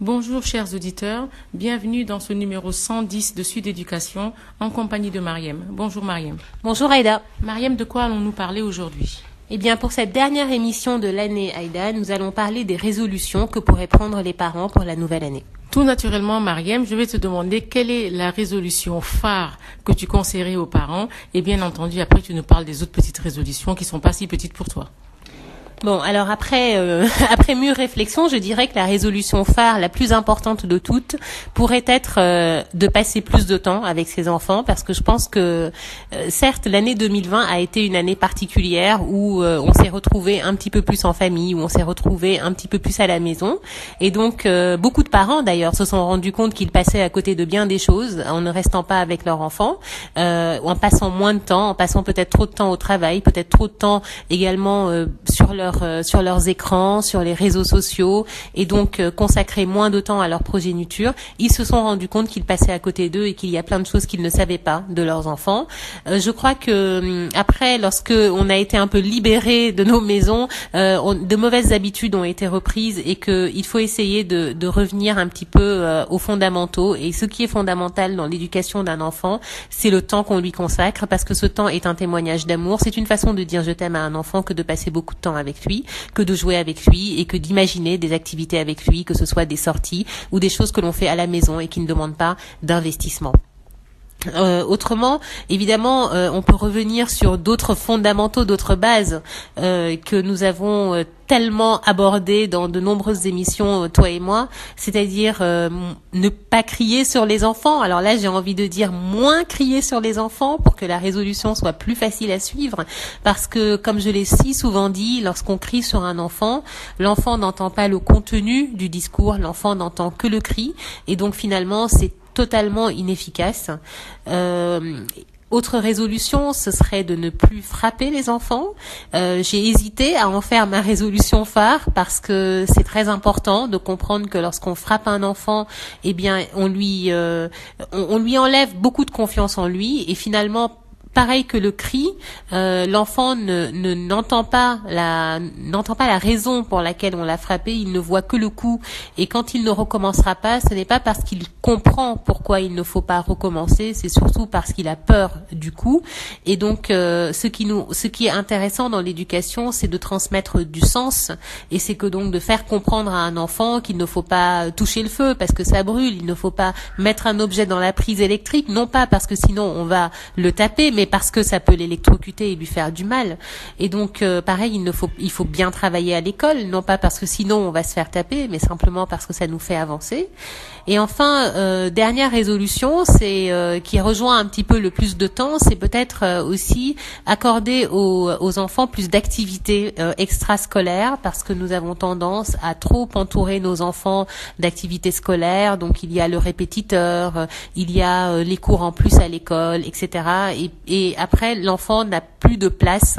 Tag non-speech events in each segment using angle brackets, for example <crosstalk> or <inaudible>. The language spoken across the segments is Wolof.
Bonjour chers auditeurs, bienvenue dans ce numéro 110 de Sud Éducation en compagnie de Mariem. Bonjour Mariem. Bonjour Aïda. Mariem, de quoi allons-nous parler aujourd'hui eh bien, pour cette dernière émission de l'année, Aïda, nous allons parler des résolutions que pourraient prendre les parents pour la nouvelle année. Tout naturellement, Mariem, je vais te demander quelle est la résolution phare que tu conseillerais aux parents. Et bien entendu, après, tu nous parles Bon, alors après, euh, <laughs> après mûre réflexion, je dirais que la résolution phare, la plus importante de toutes, pourrait être euh, de passer plus de temps avec ses enfants, parce que je pense que, euh, certes, l'année a été une année particulière où euh, on s'est retrouvé un petit peu plus en famille, où on s'est retrouvé un petit peu plus à la maison, et donc euh, beaucoup de parents d'ailleurs se sont rendus compte qu'ils passaient à côté de bien des choses en ne restant pas avec leurs enfants, en leur, euh, sur leurs écrans, sur les réseaux sociaux, et donc euh, consacrer moins de temps à leur progéniture, ils se sont rendus compte qu'ils passaient à côté d'eux et qu'il y a plein de choses qu'ils ne savaient pas de leurs enfants. Euh, je crois que après, a été un peu libéré de nos maisons, euh, de mauvaises habitudes ont été reprises et qu'il faut essayer de, revenir un petit peu aux fondamentaux. Et ce qui est fondamental dans l'éducation d'un enfant, c'est le avec lui, que de jouer avec lui et que d'imaginer des activités avec lui, que ce soit des sorties ou des choses que l'on fait à la maison et qui ne demandent pas d'investissement. Euh, autrement, euh, on peut revenir sur d'autres fondamentaux, d'autres bases euh, que nous avons euh, tellement abordées dans de nombreuses émissions, euh, toi et moi, c'est-à-dire ne pas crier sur les enfants. Alors là, j'ai envie de dire moins crier sur les enfants pour que la résolution soit plus facile à suivre, parce que, comme je l'ai si souvent dit, lorsqu'on crie sur un enfant, l'enfant n'entend pas le contenu du discours, l'enfant n'entend que le cri, et donc finalement, totalement inefficace. Euh, autre résolution, ce serait de ne plus frapper les enfants. Euh, j'ai hésité à en faire ma résolution phare parce que c'est très important de comprendre que lorsqu'on frappe un enfant, eh euh, on lui enlève beaucoup de confiance en lui et finalement pareil que le cri, euh, l'enfant ne n'entend ne, pas la raison pour laquelle on l'a frappé, il ne voit que le coup et quand il ne recommencera pas, ce n'est pas parce qu'il comprend pourquoi il ne faut pas recommencer, c'est surtout parce qu'il a peur du coup et donc euh, ce qui est intéressant dans l'éducation, c'est de transmettre du sens et c'est que donc de faire comprendre à un enfant qu'il ne faut pas toucher le feu parce que ça brûle, il ne faut pas mettre mais parce que ça peut l'électrocuter et lui faire du mal. Et donc, euh, pareil, il, ne faut, il faut bien travailler à l'école, non pas parce que sinon on va se faire taper, mais simplement parce que ça nous fait avancer. Et enfin, euh, dernière résolution, euh, qui rejoint un petit peu le plus de temps, c'est peut-être euh, aussi accorder aux, enfants plus d'activités extrascolaires parce que nous avons tendance à trop entourer nos enfants d'activités scolaires. il y a le répétiteur, il et après l'enfant n'a plus de place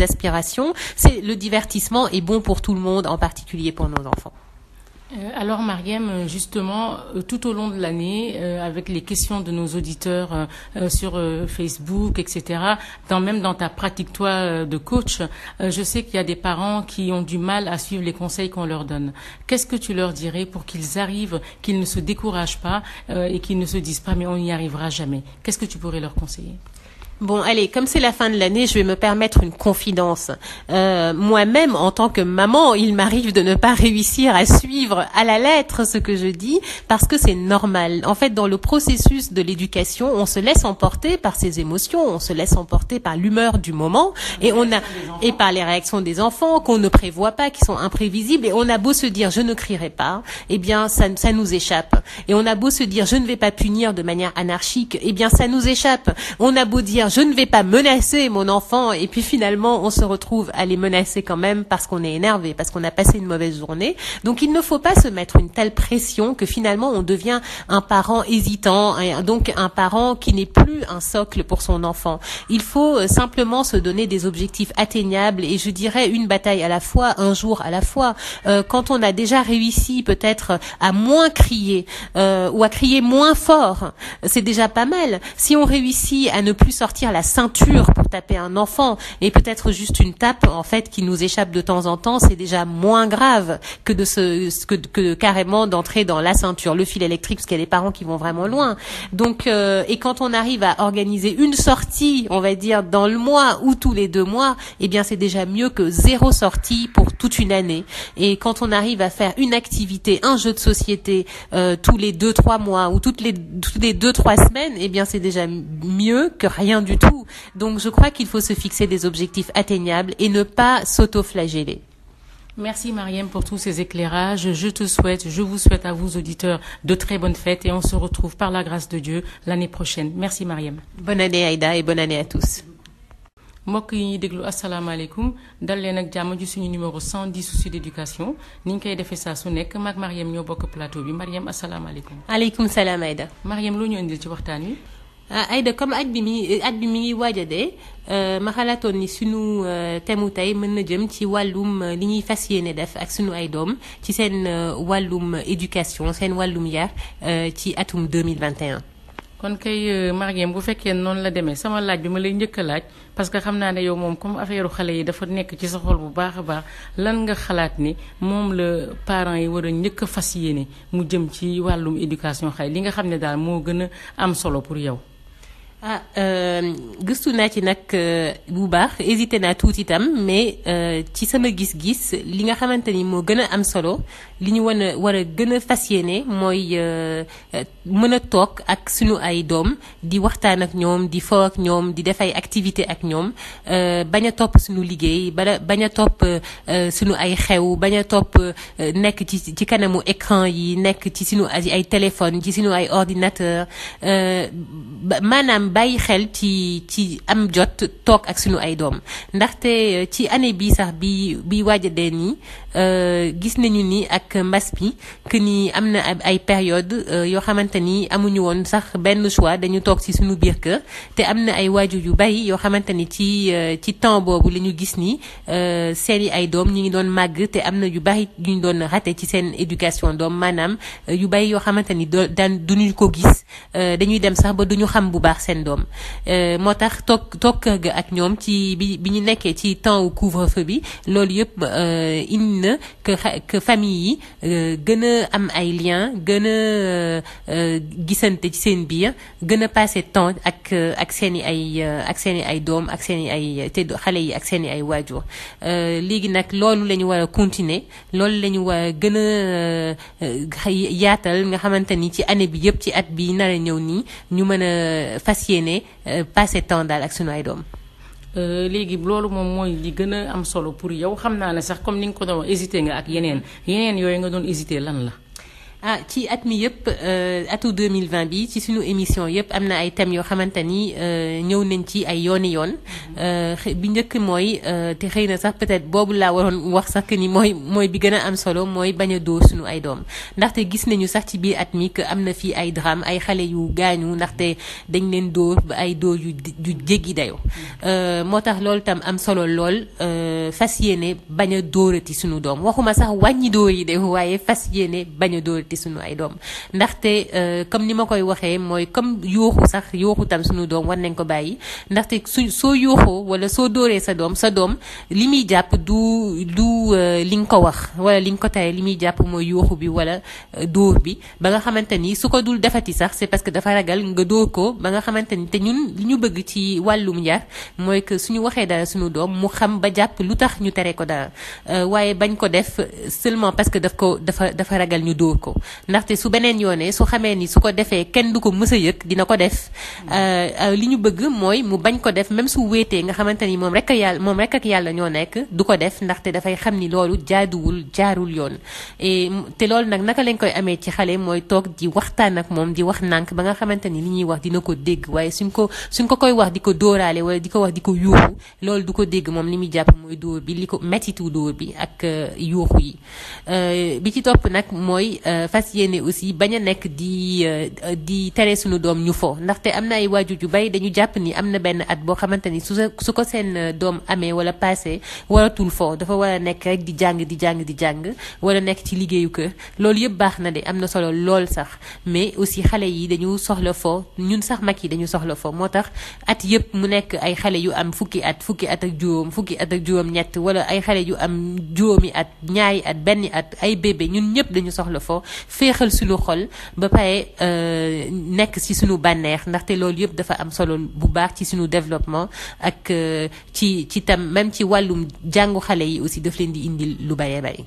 des aspirations, c'est le divertissement est bon pour tout le monde, en particulier pour nos enfants. Euh, alors Mariam, justement, euh, tout au long de l'année, euh, avec les questions de nos auditeurs euh, sur euh, Facebook, etc., dans, même dans ta pratique, toi, de coach, je sais qu'il y a des parents qui ont du mal à suivre les conseils qu'on leur donne. Qu'est-ce que tu leur dirais pour qu'ils arrivent, qu'ils ne se découragent pas et qu'ils ne se disent pas, mais on n'y arrivera jamais Qu'est-ce que tu pourrais leur conseiller Bon, allez, comme c'est la fin de l'année, je vais me permettre une confidence. Euh, Moi-même, en tant que maman, il m'arrive de ne pas réussir à suivre à la lettre ce que je dis parce que c'est normal. En fait, dans le processus de l'éducation, on se laisse emporter par ses émotions, on se laisse emporter par l'humeur du moment et a et par les réactions des enfants qu'on ne prévoit pas, qui sont imprévisibles et on a beau se dire je ne crierai pas, eh Et on a beau se dire je ne de manière anarchique, eh bien a je ne vais pas menacer mon enfant et puis finalement on se retrouve à les menacer quand même parce qu'on est énervé, parce qu'on a passé une mauvaise journée. Donc il ne faut pas se mettre une telle pression que finalement on devient un parent hésitant, donc un parent qui n'est plus un socle pour son enfant. Il faut euh, se donner des objectifs atteignables et je dirais une bataille à la fois, un jour à la fois. Euh, quand on a déjà réussi peut-être à moins crier euh, on réussit à ne plus sortir sortir la ceinture pour taper un enfant et peut-être juste une tape en fait qui nous échappe de temps en temps, c'est déjà moins grave que de se que, que carrément d'entrer dans la ceinture, le fil électrique parce qu'il y a des parents qui vont vraiment loin. Euh, et quand on arrive à organiser une sortie, on va dire dans le mois ou tous les deux mois, eh c'est déjà mieux que zéro sortie pour toute une année. Et quand on arrive à faire une activité, un jeu de société euh, tous les deux trois mois ou eh du tout. Donc je crois qu'il faut se fixer des objectifs atteignables et ne pas s'autoflageller. Merci Mariam pour tous ces éclairages. Je te souhaite, je vous souhaite à vous auditeurs de très bonnes fêtes et on se retrouve par la grâce de Dieu l'année prochaine. Merci Mariam. Bonne année Aïda et bonne année à tous. mbokk yi ñuy déglu asalaamaaleykum dal leen ak jàmm ji suñu numéro 110 su Sud Éducation ni ñu koy defee saa su nekk maak Mariam ñoo bokk plateau bi Mariam asalaamaaleykum. aleykum salaam Aïda. Mariam loo waxtaan wi. Euh, Aïda comme at bi mi at bi mi ngi waaj a dee euh, ma xalaatoon ni suñu euh, thème mu tey mën na jëm ci wàllum li ñuy fas yéene def ak sunu ay doom ci seen wàllum éducation seen wàllum yar ci atum 2021. kon kay Mariem bu fekkee noonu la demee sama laaj bi ma lay njëkk laaj parce que xam naa ne yow moom comme affaire xale yi dafa nekk ci sa xol bu baax a baax lan nga xalaat ni moom la parent yi war a njëkk a fas yéene mu jëm ci wàllum éducation xale li nga xam ne daal moo gën a am solo pour yow. ah euh, gëstu naa ci nag euh, bu baax hésité naa tuuti itam mais euh, ci sama gis-gis li nga xamante ni moo gën a am solo li ñu wan a war a gën a fas yéene mooy euh, euh, mën a toog ak suñu ay doom di waxtaan ak ñoom di foo ak ñoom di def ay activité ak ñoom bañ topp suñu liggéey bala bañ a topp suñu euh, ay xew bañ topp nekk ci ci kanamu écran yi nekk ci suñu ay téléphone ci suñu ay ordinateur maanaam bàyyi xel ci ci am jot toog ak suñu ay doom ndaxte ci année bi sax bi bi waaj a dee gis nañu ni ak mbas mi que ni am na ay période euh, yoo xamante ni amuñu woon sax benn choix dañu toog ci suñu biir kër te am na ay waajur yu bari yoo xamante ni ci euh, ci temps boobu la ñu gis ni euh, seen i ay doom ñu ngi doon màgg te am na yu bari yu ñu doon rate ci seen éducation doom maanaam yu bari yoo xamante ni doo daan duñu ko gis dañuy dem sax ba duñu xam bu baax seen doom moo tax toog toog kër ga ak ñoom ci bi bi ñu nekkee ci temps couvre-feu bi loolu yëpp indi na que que yi Euh, gën a am ay lien gën a euh, euh, gisante ci seen biir gën a passé temps ak ak seen i ay ak seen ay doom ak seen i ay te xale yi ak seen i ay waajur léegi nag loolu la ñu war a continuer loolu la ñu war a gën a yaatal nga xamante ni ci année bi yëpp ci at bi nar a ñëw nii ñu mën a fas yéene passé temps daal ak sunu ay doom Euh, léegi loolu moom mooy di gën a am solo pour yow xam naa ne sax comme ni nga ko doon hésité nga ak yeneen yeneen yooyu nga doon hésité lan la. ah ci at mi yëpp euh, atu 2020 bi ci suñu émission yëpp am na ay thèmes yoo xamante ni euh, ñëw nañ ci ay yooni yoon euh, bi njëkk mooy te xëy na sax peut-être boobu laa waroon wax sax que ni mooy mooy bi gën a am solo mooy bañ a dóor suñu ay doom ndaxte gis nañu sax ci biir at mi que am na fii ay drame ay xale yu gaañu ndaxte dañ leen door ba ay dóor yu yu jéggi dayoo moo tax loolu tam am solo lool fas yéene bañ a doorati suñu doom waxuma sax wàññi dóor yi de waaye fas yéene bañ a dóorati metti suñu ay doom ndaxte euh, comme ni ma koy waxee mooy comme yooxu sax yooxu tam suñu doom war nañ ko bàyyi ndaxte su soo yooxoo wala soo dóoree sa doom sa doom li muy jàpp du du euh, li nga ko wax wala li nga ko tayee li muy jàpp mooy yooxu bi wala euh, dóor bi ba nga xamante ni su ko dul defati sax c'est parce que dafa ragal nga dóor ko ba nga xamante ni te ñun li ñu bëgg ci wàllum njar mooy que suñu waxee dara suñu doom mu xam ba jàpp lu tax ñu tere ko dara waaye bañ ko def seulement parce que daf ko dafa dafa ragal ñu dóor ko ndaxte su beneen yoonee su xamee ni su ko defee kenn du ko mës a yëg dina ko def euh, euh, li ñu bëgg mooy mu bañ ko def même su wéetee nga xamante ni moom rek moom rek ak yàlla ñoo nekk du ko def ndaxte dafay xam ni loolu jaaduwul jaarul yoon te loolu nag naka lañ koy amee ci xale mooy toog di waxtaan ak moom di wax nànk ba nga xamante ni li ñuy wax dina ko dégg waaye suñ ko suñ ko koy wax di ko dóoraale wala di ko wax di ko yuuxu loolu du ko dégg moom li muy jàpp mooy dóor bi li ko mettitu dóor bi ak euh, yuuxu yi bi fas yéene aussi bañ a nekk di euh, di tere suñu doom ñu fo ndaxte am na ay waajur yu bari dañu jàpp ni am na benn at boo xamante ni su su ko seen euh, doom amee wala passé waratul fo dafa war a nekk rek di jàng di jàng di jàng wala nekk ci liggéeyu kër loolu yëpp baax na de am na solo lool sax mais aussi xale yi dañu soxla fo ñun sax mag yi dañu soxla fo moo tax at yëpp mu nekk ay xale yu am fukki at fukki at ak juróom fukki at ak juróom wala ay xale yu am juróomi at ñaari at benn at ay bébé ñun ñëpp dañu soxla fo féexal sunu xol ba pare euh, nekk ci sunu bànneex ndaxte loolu yëpp dafa am solo bu baax ci suñu développement ak euh, ci ci tam même ci wàllum jàngu xale yi aussi daf leen di indi lu bare bare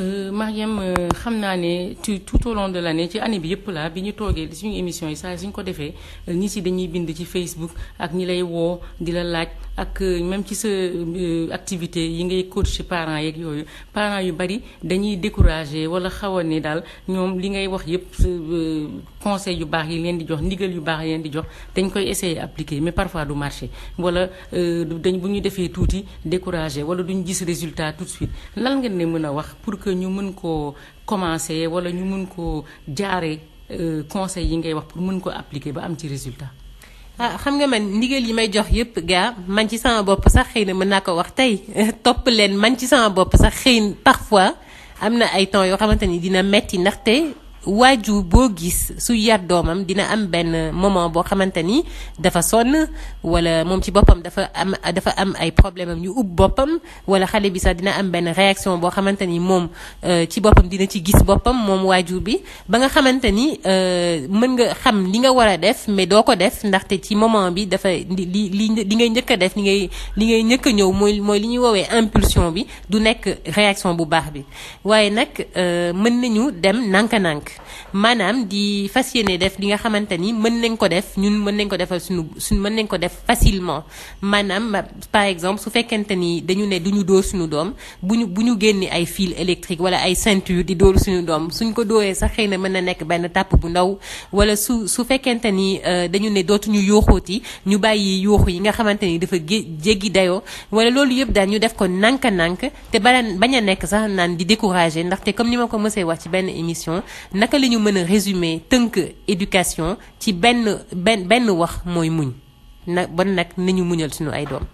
Euh, Mariam euh, xam naa ne ci tout au long de l'année ci année bi yëpp laa bi ñu toogee suñu émission yi saa suñ ko defee euh, ñi si dañuy bind ci Facebook ak ñi lay woo di la laaj ak même ci sa activité yi ngay coach parents yeeg yooyu parent yu bari dañuy découragé wala xaw a daal ñoom li ngay wax yëpp conseil yu baax yi leen di jox ndigal yu baax yi leen di jox dañ koy essayer appliquer mais parfois du marché wala dañ bu ñu defee tuuti découragé wala duñ gis résultat tout que ñu mën koo commencer wala ñu mën koo jaare euh, conseil yi ngay wax pour mën ko appliquer ba am ci résultat. ah xam nga man ndigal yi may jox yëpp gaa man ci sama bopp sax xëy na mën naa ko wax tey <laughs> topp leen man ci sama bopp sax xëy parfois am na ay temps yoo xamante ni dina metti ndaxte waajur boo gis su yar doomam dina am benn moment boo xamante ni dafa sonn wala moom ci boppam dafa am dafa am ay problème am ñu ub boppam wala xale bi sax dina am benn réaction boo xamante ni moom euh, ci boppam dina ci gis boppam moom waajur bi ba nga xamante ni euh, mën nga xam li nga war a def mais doo ko def ndaxte ci moment bi dafa li li li ngay njëkk a def li ngay li ngay njëkk a ñëw mooy mooy li ñuy woowee impulsion bi du nekk réaction bu baax bi waaye nag euh, mën nañu dem maanaam di fas yéene def li nga xamante ni mën nañ ko def ñun mën nañ ko defal suñu suñu mën nañ ko def facilement maanaam par exemple su fekkente ni dañu ne du ñu dóor doom bu ñu bu ñu génni ay fil électrique wala ay ceinture di dóor suñu doom suñ ko dóoree sax xëy na mën na nekk benn tàpp bu ndaw wala su su fekkente ni euh, dañu ne dootuñu yooxooti ñu bàyyi yooxu yi nga xamante ni dafa jéggi dayoo wala loolu yëpp daal ñu def ko nànk-nànk te bañ a nekk sax naan di décourager ndaxte comme ni ma ko mësee wax ci benn émission naka la ñu mën a résumer tënk éducation ci benn benn benn wax mooy muñ na bon nag nañu muñal suñu ay doom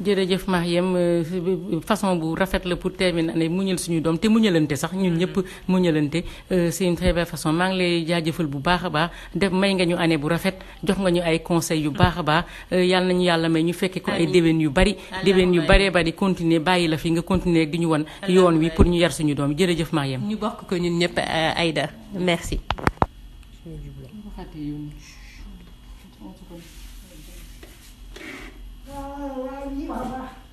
jërëjëf Mariem euh, façon bu rafet la pour terminer année muñal suñu doom te muñalante sax ñun mhm. ñëpp muñalante euh, c'est une façon maa ngi lay jaajëfal bu baax a baax def may nga ñu année bu rafet jox nga ñu ay conseils yu baax a baax euh, yàlla nañu yàlla may ñu fekkee ko ay déwén yu bari déwén yu baree bari continuer bàyyi la fi nga continuer rek di ñu wan yoon wi pour ñu yar suñu doom jërëjëf Mariem ñu bokk ko ñun ñëpp Aïda merci 你妈妈。